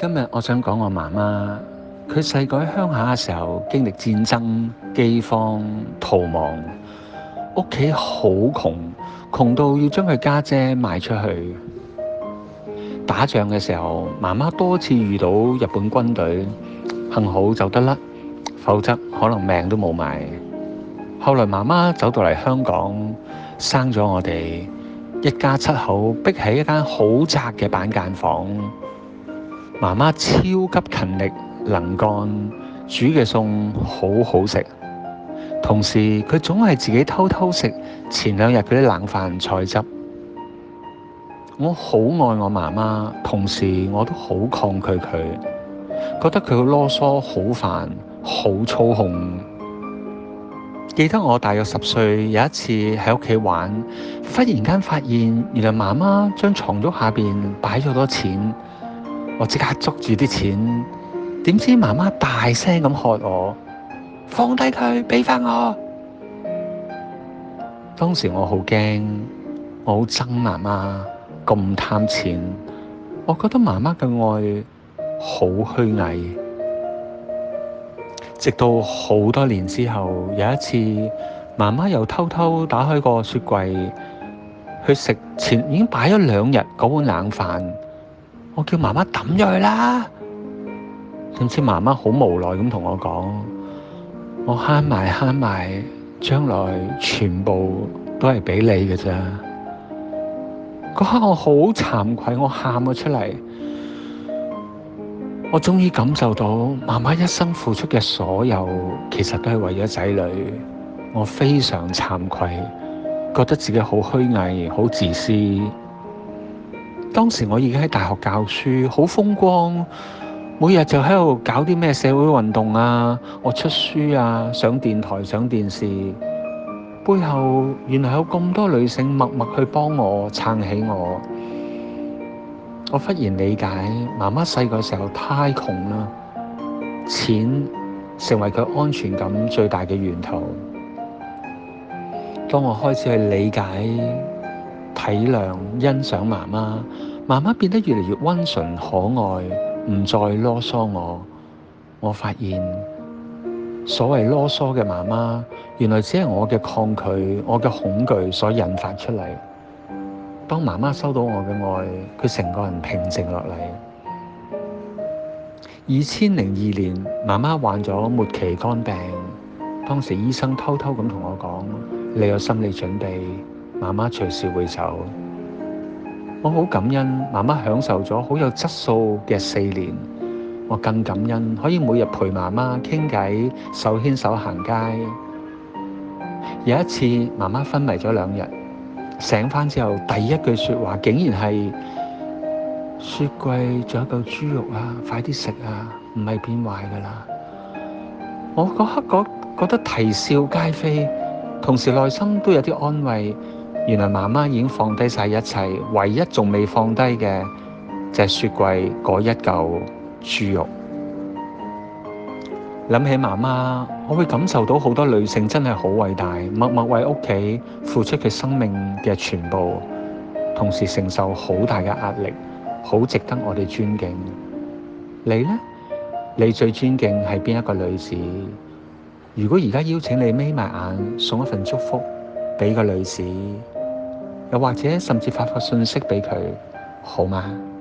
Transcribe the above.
今日我想講我媽媽，佢細個喺鄉下嘅時候經歷戰爭、饑荒、逃亡，屋企好窮，窮到要將佢家姐賣出去。打仗嘅時候，媽媽多次遇到日本軍隊，幸好走得甩，否則可能命都冇埋。後來媽媽走到嚟香港，生咗我哋一家七口，逼喺一間好窄嘅板間房。媽媽超級勤力能幹，煮嘅餸好好食。同時佢總係自己偷偷食前兩日佢啲冷飯菜汁。我好愛我媽媽，同時我都好抗拒佢，覺得佢好囉嗦、好煩、好操控。記得我大約十歲有一次喺屋企玩，忽然間發現原來媽媽將床褥下邊擺咗好多錢。我即刻捉住啲錢，點知媽媽大聲咁喝我，放低佢，俾翻我。當時我好驚，我好憎媽媽咁貪錢，我覺得媽媽嘅愛好虛偽。直到好多年之後，有一次媽媽又偷偷打開個雪櫃，去食前已經擺咗兩日嗰碗冷飯。我叫媽媽抌咗佢啦，點知媽媽好無奈咁同我講：我慳埋慳埋，將來全部都係俾你嘅啫。嗰刻我好慚愧，我喊咗出嚟，我終於感受到媽媽一生付出嘅所有，其實都係為咗仔女。我非常慚愧，覺得自己好虛偽，好自私。當時我已經喺大學教書，好風光，每日就喺度搞啲咩社會運動啊，我出書啊，上電台、上電視，背後原來有咁多女性默默去幫我撐起我，我忽然理解媽媽細個時候太窮啦，錢成為佢安全感最大嘅源頭。當我開始去理解、體諒、欣賞媽媽，媽媽變得越嚟越溫馴可愛，唔再囉嗦我。我發現所謂囉嗦嘅媽媽，原來只係我嘅抗拒、我嘅恐懼所引發出嚟。當媽媽收到我嘅愛，佢成個人平靜落嚟。二千零二年，媽媽患咗末期肝病，當時醫生偷偷咁同我講：「你有心理準備。媽媽隨時會走，我好感恩媽媽享受咗好有質素嘅四年。我更感恩可以每日陪媽媽傾偈，手牽手行街。有一次媽媽昏迷咗兩日，醒返之後第一句説話竟然係：雪櫃仲有嚿豬肉啊，快啲食啊，唔係變壞㗎啦！我嗰刻覺覺得啼笑皆非，同時內心都有啲安慰。原來媽媽已經放低晒一切，唯一仲未放低嘅就係雪櫃嗰一嚿豬肉。諗起媽媽，我會感受到好多女性真係好偉大，默默為屋企付出佢生命嘅全部，同時承受好大嘅壓力，好值得我哋尊敬。你呢？你最尊敬係邊一個女子？如果而家邀請你眯埋眼，送一份祝福俾個女子。又或者甚至發個信息俾佢，好嗎？